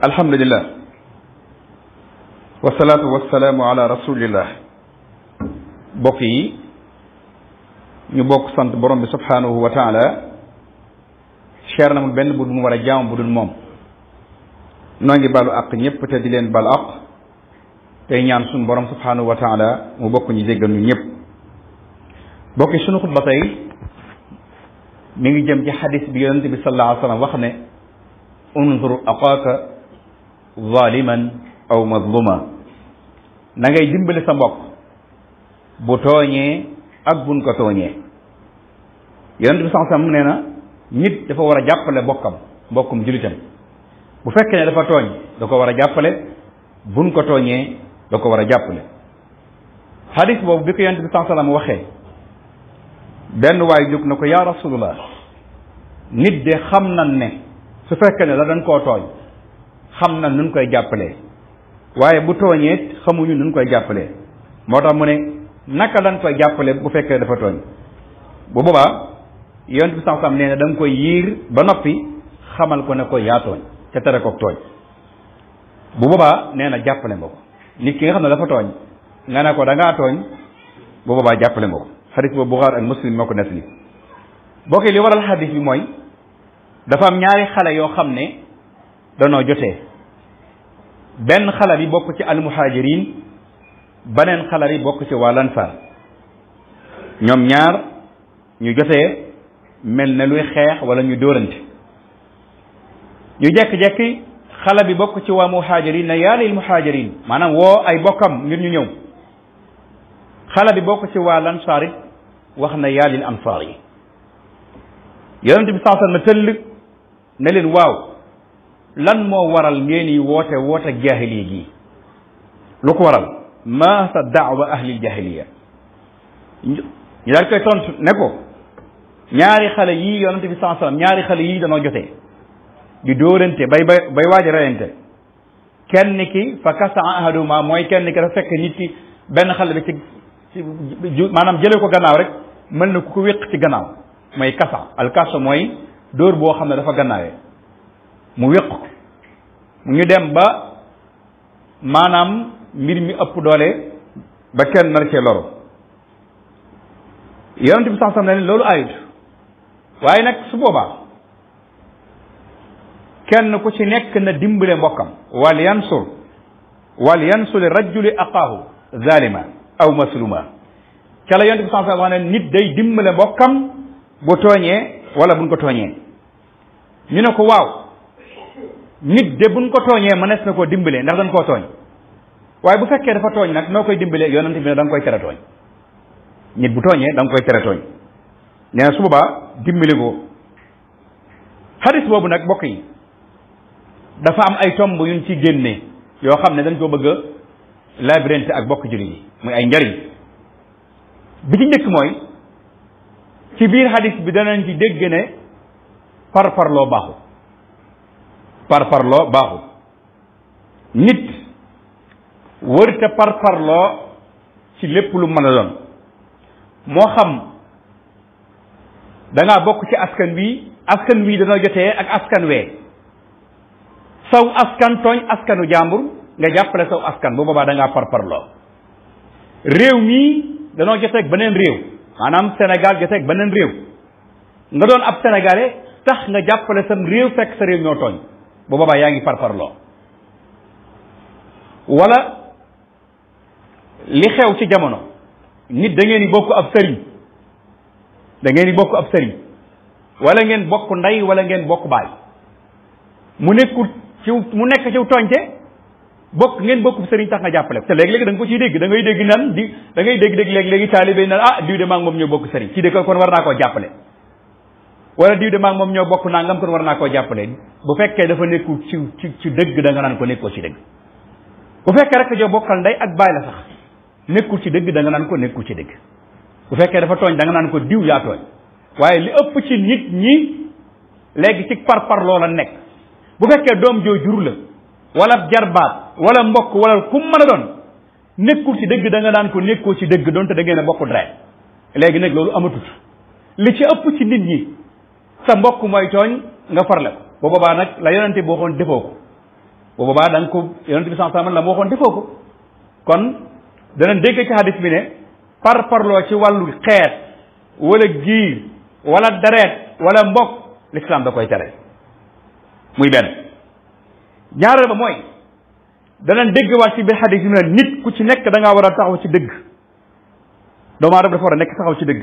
alhamdulilah wasalaatu wasalaamu ala rasulillah bokk yi ñu bokk sant borom bi subhanahu wa taala cher na mu benn bu dul war a jaam bu dul moom noo ngi balu àq ñëpp te di leen balu àq tey ñaan suñu borom subhanahu wa taala mu bokk ñu jéggal ñu ñëpp bokki suñu xutba tey mi ngi jëm ci xadis bi yonente bi sallallahu alayhi wa sallam wax ne unzur aqaaka zaliman aw mazluma na ngay dimbali sa mbokk bu tooñee ak buñ ko tooñee yonent bi sansam nee na nit dafa war a jàppale bokkam mbokkum julitam bu fekkee ne dafa tooñ da ko war a jàppale buñ ko tooñee da ko war a jàppale xadis boobu bi ko yonent bi sansalam waxee benn waay jóg na ko yaa rasulullah nit de xam nan ne su fekkee ne la dañ koo tooñ xam na nun koy jàppale waaye bu tooñee xamuñu nun koy jàppale moo tax mu ne naka lañ koy jàppale bu fekkee dafa tooñ bu boobaa yonent bi sax sam nee na koy yiir ba noppi xamal ko ne ko yaa tooñ ca tere ko tooñ bu boobaa nee na jàppale nga ko nit ki nga xam ne dafa tooñ nga ne ko da ngaa tooñ bu boobaa jàppale nga ko xadis bu Buxaari ak Muslim moo ko nettali bokk li waral xadis bi mooy dafa am ñaari xale yoo xam ne danoo jotee ben xala bi bokk ci almuhajirin beneen xala bi bokk ci waa lansaar ñoom ñaar ñu jotee mel na luy xeex wala ñu dóorante ñu jekki-jekki xala bi bokk ci waa muhajirin ne yaa lil muhajirin maanaam woo ay bokkam ngir ñu ñëw xala bi bokk ci waa lansaar it wax na yaa lil ansaar yi yonente bi saa sallam tëll ne leen waaw lan moo waral ngeen yi woote woote jaahiliya gi lu ko waral maa sa daawa ahlil jaahiliya ñu daal koy tontu ne ko ñaari xale yii yonente bi saa sallam ñaari xale yii danoo jotee di dóorante bay bay bay waaji reyante kenn ki fa kasa ahaduma mooy kenn ki dafa fekk nit benn xale bi ci maanaam jële ko gannaaw rek mën na ku ko wéq ci gannaaw mooy kasa al kaso mooy dóor boo xam ne dafa gannaawee mu wéq ko ñu dem ba maanaam mbir mi ëpp doole ba kenn na cee loro yonent bi sax sax na ne loolu ayut waaye nag su boobaa kenn ku ci nekk na dimbale mbokkam wal yansur wal yansur rajuli aqaahu zalima aw masluma ca la yonent bi sax sax wax ne nit day dimbale mbokkam bu tooñee wala buñ ko tooñee ñu ne ko waaw nit de buñ ko tooñee mënees na koo dimbalee ndax dañ koo tooñ waaye bu fekkee dafa tooñ nag noo koy dimbalee yonent bi ne da koy tere tooñ nit bu tooñee da nga koy su boobaa dimbali ko xadis boobu nag bokk yi dafa am ay tomb yuñ ci génne yoo xam ne dañ koo bëgg a labrinte ak bokk jullit yi muy ay njariñ bi ci njëkk mooy ci biir xadis bi danañ ci dégg ne par parloo baaxu par parloo baaxul nit wërta par parloo ci lépp lu mën a doon moo xam da bokk ci askan wi askan wii danoo jotee ak askan wee saw askan tooñ askanu jàmbur nga jàppale saw askan bu boobaa da ngaa par réew mii danoo jotee ak beneen réew maanaam Sénégal jotee ak beneen réew nga doon ab sénégalais tax nga jàppale sam réew fekk sa réew ñoo tooñ bu boobaa yaa ngi parparloo wala li xew ci jamono nit da ngeen bokk ab sëriñ da ngeen bokk ab sëriñ wala ngeen bokk ndey wala ngeen bokk baay mu nekkul ci mu nekk ci toñte bokk ngeen bokk sëriñ tax nga jàppale ko te léegi-léegi da ko ciy dégg da dégg nan di da ngay dégg-dégg léegi-léegi taalibe nan ah diw de maa ngi moom ñoo bokk sëriñ ci dëkk kon war naa koo jàppale wala diw de maag moom ñoo bokk nangam kon war naa koo jàppale bu fekkee dafa nekku ci ci ci dëgg da nga naan ko nekkoo ci dëgg bu fekkee rek joo bokkal ndey ak baay la sax nekkul ci dëgg da nga naan ko nekkul ci dëgg bu fekkee dafa tooñ da nga naan ko diw yaa tooñ waaye li ëpp ci nit ñi léegi ci par par loola nekk bu fekkee doom joo jur la wala jarbaat wala mbokk wala ku mën a doon nekkul ci dëgg da nga naan ko nekkoo ci dëgg donte da ngeen a bokk deret léegi nag loolu amatut li ci ëpp ci nit ñi sa mbokk mooy tooñ nga farle ko bu boobaa nag la yonente bi waxoon defoo ko bu boobaa da nga ko yonente bi sallallahu alayhi la mu defoo ko kon dana dégg ci hadis bi ne par parloo ci wàllu xeet wala giir wala dareet wala mbokk l'islam da koy tere muy benn ñaareel ba mooy danañ dégg waat ci biir hadis bi ne nit ku ci nekk da war a taxaw ci dégg doomu aadama dafa war a nekk taxaw ci dëgg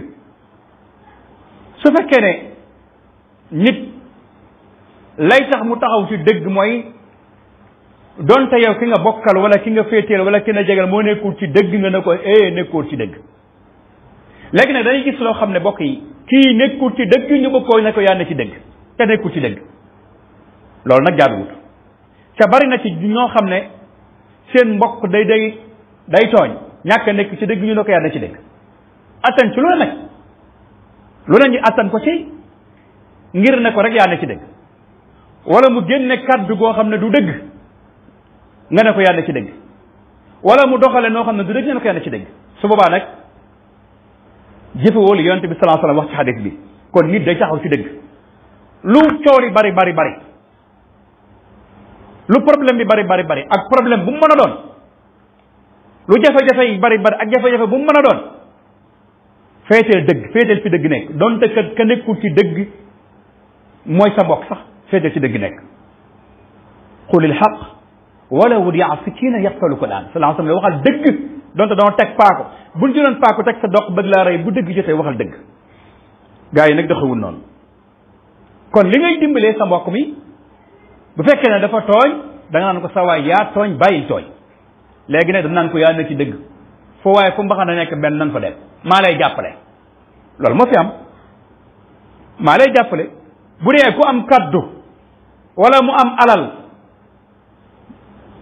su fekkee ne nit lay tax mu taxaw ci dëgg mooy donte yow ki nga bokkal wala ki nga féeteel wala ki nga jegal moo nekkul ci dëgg nga ne ko eh nekkul ci dëgg léegi nag dañuy gis loo xam ne bokk yi kii nekkul ci dëgg ñu bëgg koo ne ko ci dëgg te ci dëgg loolu nag jaaduwut ca bari na ci ñoo xam ne seen mbokk day day day tooñ ñàkk nekk ci dëgg ñu ne ko yaa ne ci dëgg attan ci lu la nag lu la ñu attan ko ci ngir ne ko rek yàlla ne ci dëgg wala mu génne kàddu goo xam ne du dëgg nga ne ko yàlla ne ci dëgg wala mu doxale noo xam ne du dëgg nga ne ci dëgg su boobaa nag jëfewul yonent bi sallallahu alayhi wasallam wax ci xadis bi kon nit day taxaw ci dëgg lu coori bari bari bari lu problème bi bari bari bari ak problème bu mu mën a doon lu jafe-jafe yi bari bari ak jafe-jafe bu mu mën a doon féeteel dëgg féeteel fi dëgg nekk donte kat ka nekkul ci dëgg mooy sa bopp sax féete ci dëgg nekk xulil xaq wala wul yaa fi kii na yaqtalu ko daan salaa sallam waxal dëgg donte doo teg paako buñ jëloon paako teg sa dox bëgg laa rey bu dëgg jotee waxal dëgg gars yi nag doxewul noonu kon li ngay dimbalee sa mbokk mi bu fekkee ne dafa tooñ da nga naan ko sa waay yaa tooñ bàyyil tooñ léegi nag da naan ko yaa na ci dëgg foo waaye fu mbaxana nekk benn nan fa dem maa lay jàppale loolu moo fi am maa lay jàppale bu dee ku am kaddu wala mu am alal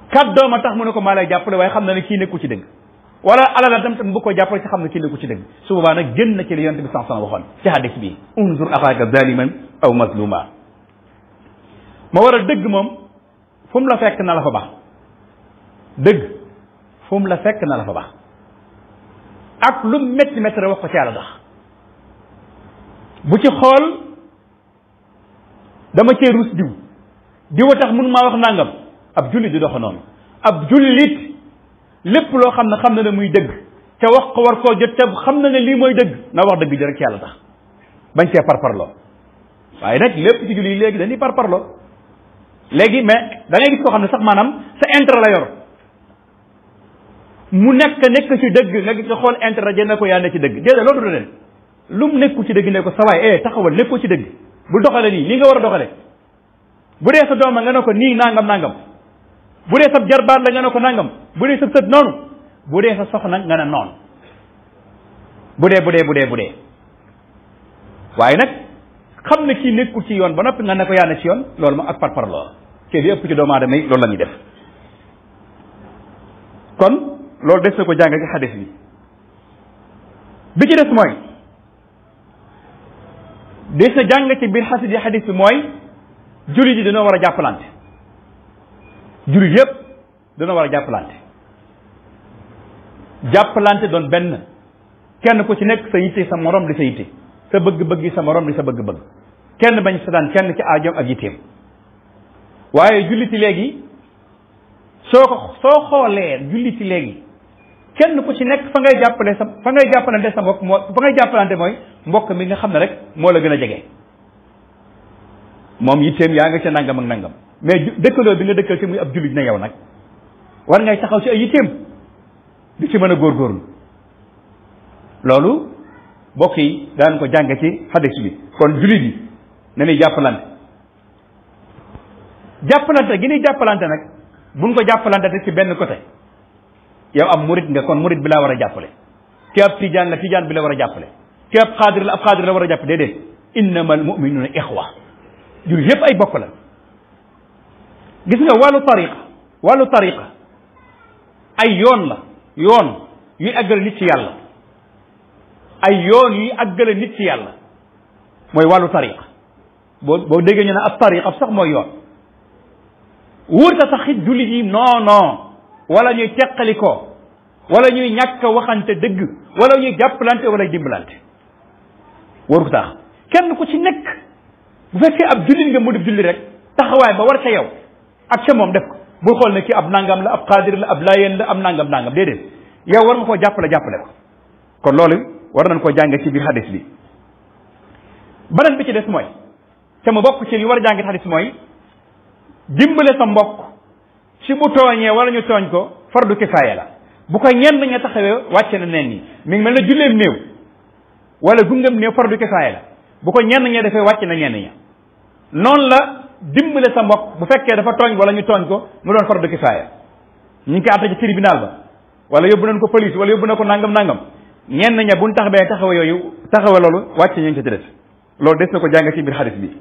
kaddoo ma tax mu ne ko maa lay jàppale waaye xam na ne kii nekku ci dëgg wala alal tam tam bu ko jàppale ci xam ne kii nekku ci dëgg su boobaa nag génn na ci li yonte bi sax waxoon ci hadis bi unzur axaaka zaliman aw mazluma ma war a dëgg moom fu mu la fekk na la fa baax dëgg fu mu la fekk na la fa baax ak lu métti métti wax ko ci yàlla tax bu ci xool dama cee rus diw diw a tax mun maa wax nàngam ab jullit di doxa noonu ab jullit lépp loo xam ne xam na ne muy dëgg ca wax ko war koo jot ca xam na ne lii mooy dëgg na wax dëgg ji rek ci yàlla tax bañ cee parparloo waaye nag lépp ci jullit yi léegi dañuy parparloo léegi mais da ngay gis koo xam ne sax maanaam sa intérêt la yor mu nekk nekk ci dëgg nga gis nga xool intérêt ne ko yaa ne ci dëgg déedéet loolu du leen lu mu nekku ci dëgg ne ko sa waay eh ci dëgg bu doxale nii nii nga war a doxalee bu dee sa dooma nga ne ko nii nàngam nangam bu dee sa jarbaat la nga ne ko nangam bu dee sa sët noonu bu dee sa soxna nga ne noonu bu dee bu dee bu dee bu dee waaye nag xam ne kii nekkul ci yoon ba noppi nga ne ko yàlla ne ci yoon loolu ma ak par par lool te li ëpp ci doomu aadama yi loolu la def kon loolu des na ko jàng ci xadis bi bi ci des mooy de sa jàng ci biir xasid yi xadis bi mooy jullit yi dana war a jàppalante jullit yëpp dana war a jàppalante jàppalante doon benn kenn ku ci nekk sa yitte sa moroom di sa yitte sa bëgg-bëgg sa moroom di sa bëgg-bëgg kenn bañ setaan kenn ci aajoom ak yitteem waaye julliti léegi soo ko soo xoolee julliti léegi kenn ku ci nekk fa ngay jàppale sa fa ngay jàppalante sa mbokk moo fa ngay jàppalante mooy mbokk mi nga xam ne rek moo la gën a jege moom yitteem yaa ngi ca nangam ak nangam mais dëkkandoo bi nga dëkkal ci muy ab jullit na yow nag war ngay taxaw ci ay yitteem li ci mën a góor góorgóorlu loolu mbokk yi daan ko jàng ci hadis bi kon jullit yi na ñuy jàppalante jàppalante gi ñuy jàppalante nag buñ ko jàppalante te ci benn côté yow am murid nga kon murid bi la war a jàppale ki ab tijaan la tijaan bi la war a jàppale ki ab xaadir la ab xaadir la war a jàpp déedéet innama al muminuna ixwa jul yépp ay bokk la gis nga wàllu tariqa wàllu tariqa ay yoon la yoon yuy àggale nit ci yàlla ay yoon yuy àggale nit ci yàlla mooy wàllu tariqa boo boo déggee ñu ne ab tariqa sax mooy yoon wóor ta sax it jullit yi non non wala ñuy teqalikoo wala ñuy ñàkk a waxante dëgg wala ñuy jàppalante wala dimbalante waru tax kenn ku ci nekk bu fekkee ab jullit nga mu def julli rek taxawaay ba war ca yow ak ca moom def ko bul xool ne kii ab nangam la ab xaadir la ab laayeen la ab nangam nangam déedéet yow war nga koo jàppale jàppale ko kon loolu war nañ koo jànge ci biir xadis bi beneen bi ci des mooy te mu bokk ci li war a jànge xadis mooy dimbale sa mbokk ci bu tooñee wala ñu tooñ ko fardu kifaaya la bu ko ñenn ña taxawee wàcce na nen ñi mi ngi mel ne julleem néew wala gungam néew fardu kifaaya la bu ko ñenn ña defee wàcc na ñenn ña noonu la dimbale sa mbokk bu fekkee dafa tooñ wala ñu tooñ ko mu doon fardu kifaaya ñu ngi koy àtte ci tribunal ba wala yóbbu nañ ko police wala yóbbu na ko nangam nangam ñenn ña buñ taxawee taxawa yooyu taxawa loolu wàcce ñu ngi ci des loolu des na ko jàng ci biir xadis bi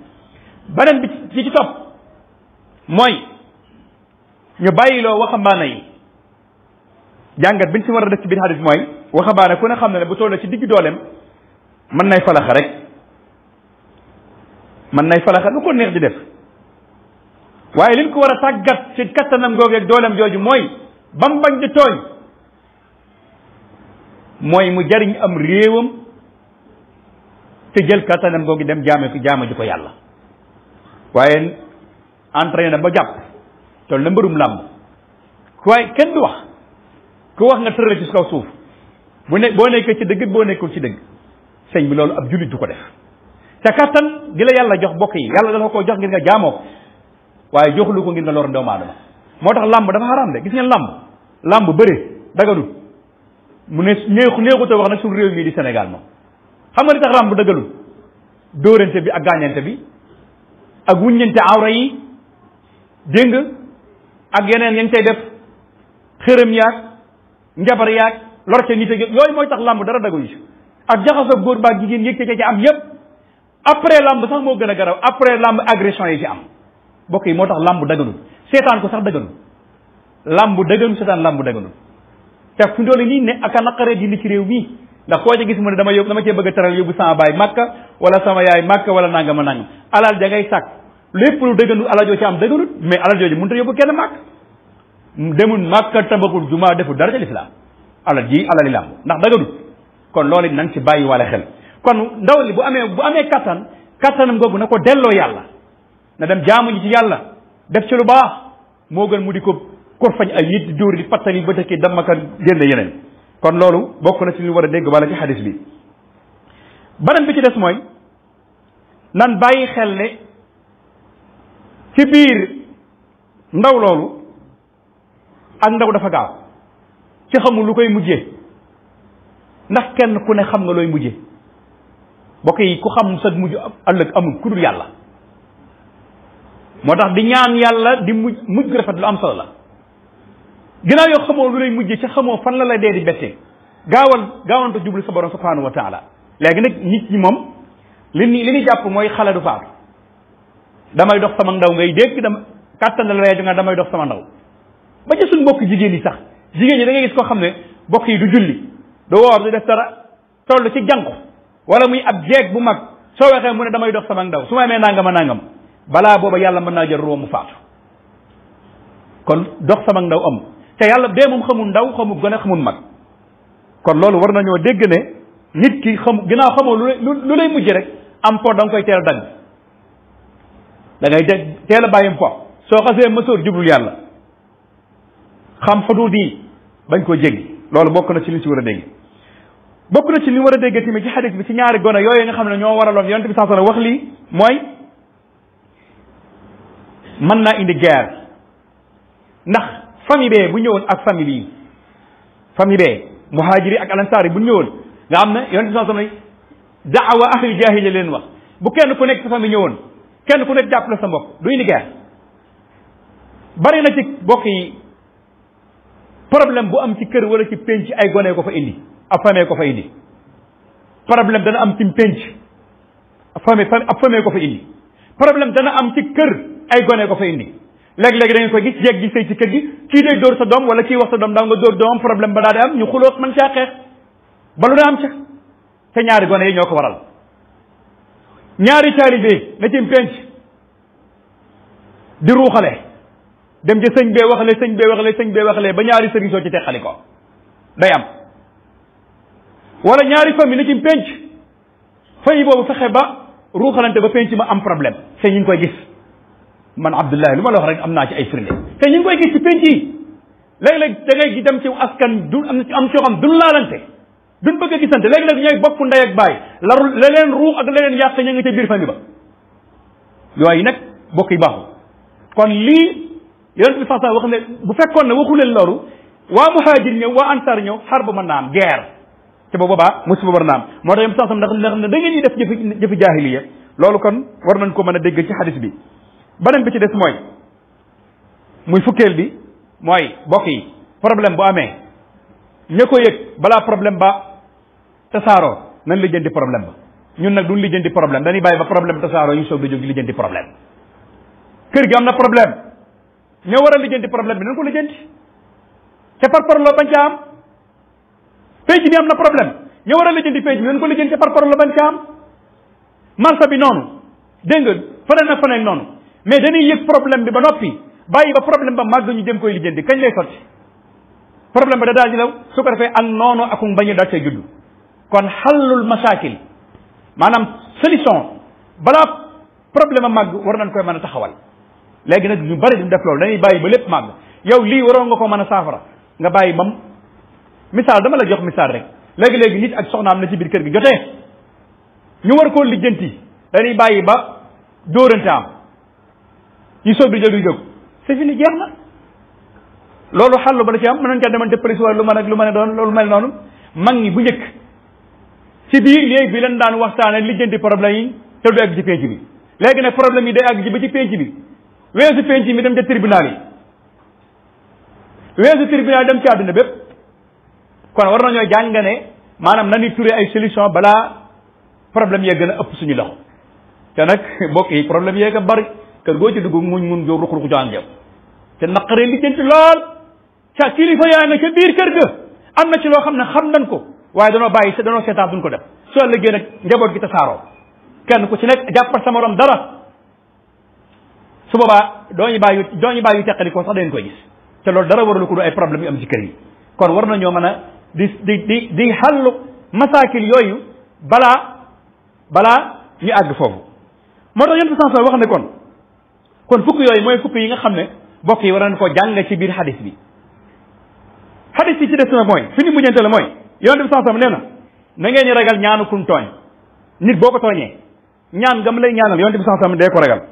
beneen bi ci ci ñu bàyyiloo waxambaane yi jàngat biñ ci war a def ci biir xadis mooy waxambaane ku ne xam ne ne bu toll si digg dooleem mën nay falaxa rek mën nay falaxa lu ko neex di def waaye liñ ko war a tàggat ci kattanam googeeg dooleem jooju mooy bam bañ di tooñ mooy mu jariñ am réewam te jël kattanam googu dem jaame ko jaama ji ko yàlla waaye entraîné na ba jàpp toll na mbërum làmb waaye kenn du wax ku wax nga tëral ci kaw suuf bu ne boo nekkee ci dëgg boo nekkul ci dëgg sëñ bi loolu ab jullit du ko def te kattan gi la yàlla jox bokk yi yàlla dafa ko jox ngir nga jaamoo ko waaye joxulu ko ngir nga lor doomu moo tax làmb dafa xaraam de gis ngeen làmb làmb bëre daganul mu ne neexu neexuta wax nag suñu réew mii di Sénégal moom xam nga li tax làmb daganul dóorante bi ak gaañante bi ak wuññante awra yi dégg ak yeneen yañ cay def xërëm yaag njabar yaag lor ca nit ak yooyu mooy tax làmb dara dagu yi ak jaxasoo góor baag jigéen yëg ca ca am yëpp après làmb sax moo gën a garaw après làmb agression yi ci am mbokk yi moo tax làmb daganul seetaan ko sax daganul làmb daganul seetaan làmb daganul te fu ndoole nii ne aka naqaree dindi ci réew mii ndax koo ca gis mu ne dama yóbbu dama cee bëgg a taral yóbbu sama baay màkka wala sama yaay màkka wala nangama nangam alal ja ngay sàkk lépp lu dëggandu alal joo am dëgganut mais alal jooju mënut a yóbbu kenn màkk demul màkk tambakul jumaa deful dara ci lislaam alal ji alal lilaam ndax dëgganut kon loolu nañ ci bàyyi wala xel kon ndaw li bu amee bu amee kattan kattanam googu na ko delloo yàlla na dem jaamu ji ci yàlla def ci lu baax moo gën mu di ko korfañ ay nit di dóor di pattali ba tëkki dam maka jënd yeneen kon loolu bokk na si li war a dégg wala ci xadis bi beneen bi ci des mooy ci biir ndaw loolu ak ndaw dafa gaaw ci xamul lu koy mujje ndax kenn ku ne xam nga looy mujje bokk yi ku xam sa mujj ëllëg amul ku dul yàlla moo tax di ñaan yàlla di mujj mujj gu rafet lu am solo la ginnaaw yoo xamoo lu lay mujjee ci xamoo fan la lay dee di bettee gaawal gaawante jublu sa borom subhanahu wa taala léegi nag nit ñi moom li ni li ñu jàpp mooy xale du faatu damay dox sama ndaw ngay dégg dama kàttan la rajo nga damay dox sama ndaw ba ci suñ mbokk jigéen yi sax jigéen yi da ngay gis koo xam ne mbokk yi du julli du woor du def dara toll ci jànku wala muy ab jeeg bu mag soo waxee mu ne damay dox sama ndaw su ma amee nangama nangam balaa booba yàlla mën naa jël ruwa mu faatu kon dox sama ndaw am te yàlla dee moom xamul ndaw xamul gone xamul mag kon loolu war nañoo dégg ne nit ki xam ginnaaw xamoo lu lay lu mujj rek am po da koy teel dagg da ngay de teel a bàyyim fo soo xasee mësoor jublul yàlla xam xudud yi bañ koo jéggi loolu bokk na ci li si war a dégg bokk na ci li war a dégg tamit ci xadis bi ci ñaari gone yooyu nga xam ne ñoo waraloon yonente bi saa wax lii mooy mën naa indi guerre ndax famille bee bu ñëwoon ak famille bii famille bee muhajiri ak alansaar yi bu ñëwoon nga xam ne yonente bi saa daawa ahli jahiliya leen wax bu kenn ku nekk sa famille ñëwoon kenn ku nekk jàppale sa mbokk du indi guerre bari na ci mbokk yi problème bu am ci kër wala ci pénc ay gone ko indi ab ko fa indi problème dana am ci pénc ab famille ab famille ko fa indi problème dana am ci kër ay gone ko fa indi léegi-léegi da ngeen koy gis jeeg gi sëy ci kër gi kii day dóor sa doom wala kii wax sa doom daa nga dóor doomam problème ba daal di am ñu xuloos man caa xeex ba lu na am ca ñaari gone yi ñoo ko waral ñaari caari taalibe na ci penc di ruuxale dem ca sëñ bee waxale sëñ bee waxale sëñ bee waxale ba ñaari sëriñ soo ci teqali ko day am wala ñaari famille na ci penc fay boobu fexe ba ruuxalante ba penc ma am problème te ñu ngi koy gis man Abdullahi lu ma la wax rek am naa ci ay firnde te ñu ngi koy gis ci penc yi léeg-léeg da gi dem ci askan du am na am soo xam duñu laalante duñ bëgg a gisante léegi nag ñooy bokk ndey ak baay la leneen ruux ak leneen yàq ña ngi ca biir famille ba yooyu nag bokk yi baaxul kon lii yonent bi sax wax ne bu fekkoon ne waxu leen loru waa muhaajir ñëw waa ansar ñëw xar ba mën naa am guerre te ba boobaa musiba war naa am moo tax yom sansam ndax ndax ne da ngeen ñuy def jëfi jëfi jaahiliya loolu kon war nañ ko mën a dégg ci xadis bi beneen bi ci des mooy muy fukkeel bi mooy bokk yi problème bu amee ña ko yëg balaa problème ba tasaaroo nan lijjanti problème ba ñun nag duñ lijjanti problème dañuy bàyyi ba problème tasaaroo ñu soog di jóg di lijjanti problème kër gi am na problème ñoo war a lijjanti problème bi nañ ko lijjanti te par parloo bañ ca am pénc bi am na problème ñoo war a lijjanti pénc bi nañ ko lijjanti te par parloo bañ ca am marché bi noonu dégg nga feneen ak feneen noonu mais dañuy yëg problème bi ba noppi bàyyi ba problème ba màgg ñu jëm koy lijjanti kañ lay sotti problème ba da daal di law su ko defee ak noonu akum bañu daal cay juddu kon xallul masakil maanaam solution bala problème mag war nañ koy mën a taxawal léegi nag ñu bari dañ def loolu dañuy bàyyi ba lépp mag yow lii waroon nga ko mën a saafara nga bàyyi bam misaal dama la jox misaal rek léegi léegi nit ak soxnaam na ci biir kër gi jotee ñu war koo lijjanti dañuy bàyyi ba dóorante am ñu soog di jóg di jóg c'est fini jeex na loolu xàllu ba la ci am mën nañ caa demante police wala lu mën ak lu mën a doon loolu mel noonu mag ñi bu njëkk ci biir léegi bi lañu daan waxtaane lijjanti problème yi te du egg ci penc bi léegi nag problème yi de àgg ci ba ci penc bi weesu penc mi dem ca tribunal yi weesu tribunal yi dem ci àdduna bépp kon war nañoo jàng ne maanaam na ñuy turee ay solution balaa problème yee gën a ëpp suñu loxo te nag mbokk yi problème yee nga bari kër goo ci dugg muñ mun jo ruq-ruq jo àndew te naqaree lijjanti lool ca kilifa yaa nga ca biir kër ga am na ci loo xam ne xam nañ ko waaye danoo bàyyi danoo seetaan duñ ko def soo liggéey nag njaboot gi tasaaroo kenn ku ci nekk jàppal sa morom dara su boobaa dooñu bàyyi dooñu bàyyi teqali ko sax dañ ko gis te loolu dara waralu ko du ay problème yu am ci kër yi kon war nañoo mën a di di di di xàllu masaakil yooyu balaa balaa ñu àgg foofu moo tax yonent sanso wax ne kon kon fukk yooyu mooy fukk yi nga xam ne bokk yi war nañ ko jàng ci biir xadis bi xadis bi ci des na mooy fi ñu mujjante yonent bi sax tam nee na na ngeen ragal ñaanu kun tooñ nit boo ko tooñee ñaan gam lay ñaanal yonent bi sax tam dee ko ragal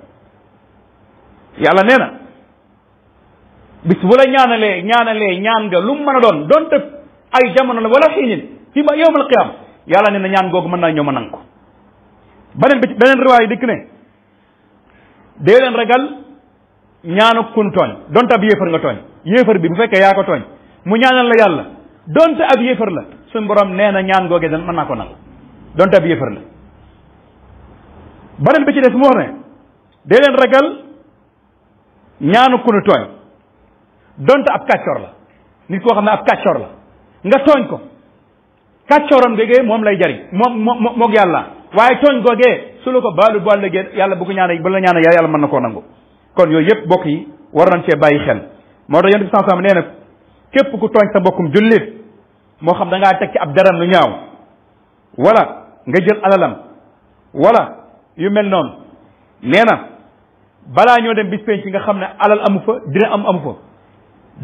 yàlla nee na bis bu la ñaan nga lu mu mën a doon donte ay jamono la wala xiinin fi ba yowmal qiyaam yàlla nee na ñaan googu mën naa ñëw ma nangu ko beneen bi beneen riwaay dikk ne dee leen ragal ñaanu kun tooñ donte ab yéefar nga tooñ yéefar bi bu fekkee yaa ko tooñ mu ñaanal la yàlla donte ab yéefar la suñ borom nee na ñaan googee dan mën naa ko nangu donte ab yéefar la beneen bi ci des mu wax ne dee leen ragal ñaanu ku tooñ donte ab kàccoor la nit koo xam ne ab kàccoor la nga tooñ ko kàccooram googee moom lay jariñ moom moo moom moog yàlla waaye tooñ googee su la ko baalu bu àllëgee yàlla bu ko ñaanee bu la ñaanee yàlla mën na koo nangu kon yooyu yëpp bokk yi war nañ see bàyyi xel moo tax yonent bi sallallahu alayhi wasallam nee képp ku tooñ sa bokkum jullit moo xam da ngaa teg ci ab daram lu ñaaw wala nga jël alalam wala yu mel noonu nee na balaa ñoo dem bis penc nga xam ne alal amu fa dina am amu fa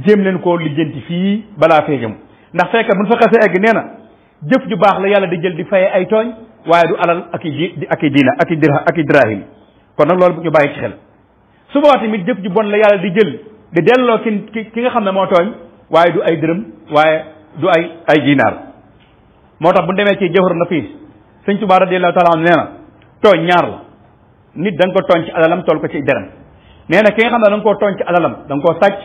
jéem leen koo lijjanti fii balaa fee jëm ndax fekk buñ fa xasee egg nee na jëf ju baax la yàlla di jël di faye ay tooñ waaye du alal ak i ak diina ak dira ak i kon nag loolu ñu bàyyi ci xel su boobaa tamit jëf ju bon la yàlla di jël di delloo ki ki nga xam ne moo tooñ waaye du ay dërëm waaye du ay ay ginaar moo tax bu demee ci na nafis sëñ Tuubaa radiyallaahu taala anhu nee na tooñ ñaar la nit da ko tooñ ci alalam tool ko ci dërëm nee na ki nga xam ne da nga koo tooñ ci alalam da nga koo sàcc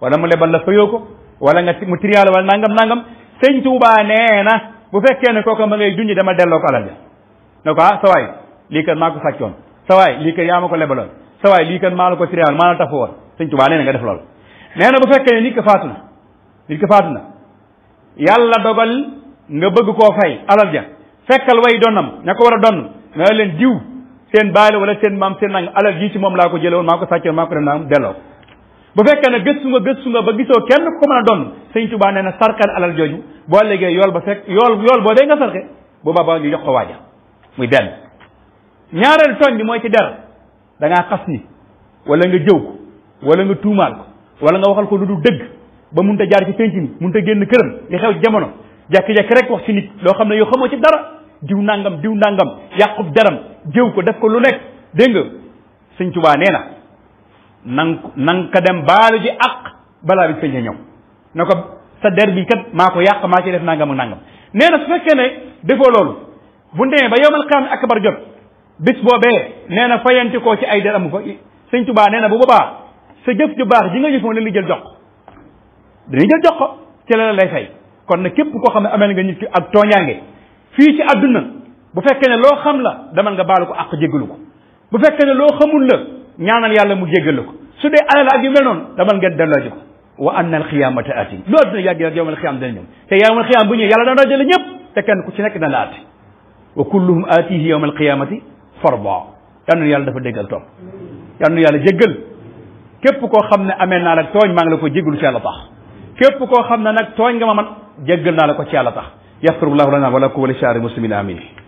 wala mu lebal la fayoo ko wala nga mu trial wala nangam nangam sëñ Tuubaa nee na bu fekkee ne kooku ma ngay junj dama delloo ko alal ja ne ko ah sa waay lii kat maa ko sàccoon sa waay lii kat yaa ma ko lebaloon sa waay lii kat maa la ko trial maa na def loolu nee na bu fekkee ne nit ko faatu nit ko faatu na yàlla dogal nga bëgg koo fay alal ja fekkal way donnam ña ko war a donn nga leen diw seen baale wala seen maam seen nang alal ji ci moom laa ko jële woon maa ko sàccoon maa ko dem naa delloo bu fekkee ne gëstu nga gëstu nga ba gisoo kenn ko mën a donn sëñ Tuubaa nee na sarkal alal jooju boo léegi yool ba fekk yool yool boo dee nga sarxe boobaa ba ñu jox ko waaja muy benn ñaareel tooñ bi mooy ci der dangaa xas ni wala nga jëw wala nga tuumaal nga waxal ko ba mun ta jaar ci penc mi mun ta génn këram li xew jamono jàkki-jàkki rek wax ci nit loo xam ne yow xamoo ci dara diw nàngam diw nàngam yàqub deram jëw ko def ko lu nekk dégg nga sëñ Tuubaa nee na nang nang ka dem baalu ji àq balaa bi sëñ ñëw na ko sa der bi kat maa ko yàq maa ci def nangam ak nangam nee na su fekkee ne defoo loolu bu demee ba yowmal xiyaam akbar jot bis boobee nee na fayanti koo ci ay der amu fa sëñ Tuubaa na bu boobaa sa jëf ju baax ji nga jëf moom la li jël jox dañu jël jox ko ci la lay fay kon nag képp koo xam ne amel nga nit ki ak toñange fii ci àdduna bu fekkee ne loo xam la demal nga baalu ko àq jéggalu ko bu fekkee ne loo xamul la ñaanal yàlla mu jéggalu ko su dee alal ak yu mel noonu demal ngeen delloo ji ko wa anna al xiyamata ati lu àdduna yàgg yàgg yowmal xiyam dana ñëw te yowmal xiyam bu ñëw yàlla dana dajale ñëpp te kenn ku ci nekk dana ati wa kulluhum atihi yowmal xiyamati farba yàlla yàlla dafa déggal topp yàlla yàlla jéggal képp koo xam ne amee naa la tooñ maa ngi la ko jéggalu ci yàlla tax képp koo xam ne nag tooñ nga ma man jéggal naa la ko ci yàlla tax yaxfirullahu lana wa lakum wa li shaari muslimin amin